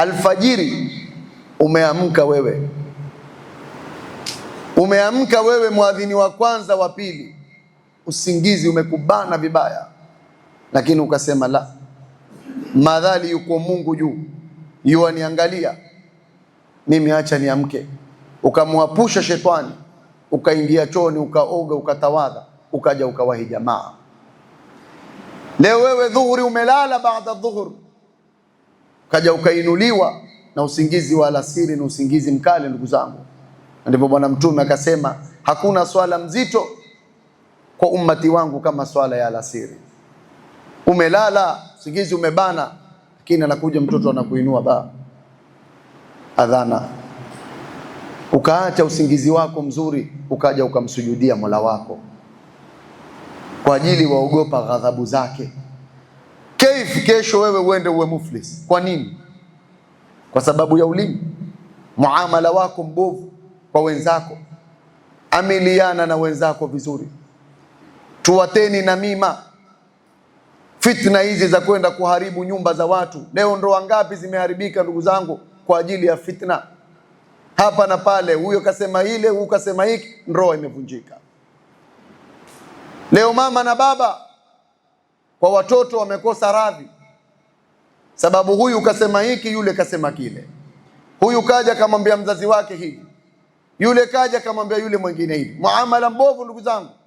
alfajiri umeamka wewe, umeamka wewe, mwadhini wa kwanza wa pili, usingizi umekubana vibaya, lakini ukasema la, madhali yuko Mungu juu yuaniangalia mimi, acha niamke. Ukamwapusha shetani, ukaingia chooni, ukaoga, ukatawadha, ukaja ukawahi jamaa. Leo wewe dhuhuri umelala, baada dhuhuri ukaja ukainuliwa na usingizi wa alasiri ni usingizi mkali, ndugu zangu. Ndipo Bwana Mtume akasema hakuna swala mzito kwa ummati wangu kama swala ya alasiri. Umelala usingizi umebana, lakini anakuja mtoto anakuinua ba adhana, ukaacha usingizi wako mzuri, ukaja ukamsujudia mola wako kwa ajili waogopa ghadhabu zake. Kaifu kesho wewe uende uwe muflis. Kwa nini? Kwa sababu ya ulimi, muamala wako mbovu kwa wenzako. Amiliana na wenzako vizuri, tuwateni na mima. Fitna hizi za kwenda kuharibu nyumba za watu, leo ndoa ngapi zimeharibika ndugu zangu, kwa ajili ya fitna hapa na pale, huyo kasema ile, huyu kasema hiki, ndoa imevunjika. Leo mama na baba kwa watoto wamekosa radhi, sababu huyu kasema hiki, yule kasema kile, huyu kaja kamwambia mzazi wake hivi, yule kaja kamwambia yule mwingine hivi, muamala mbovu, ndugu zangu.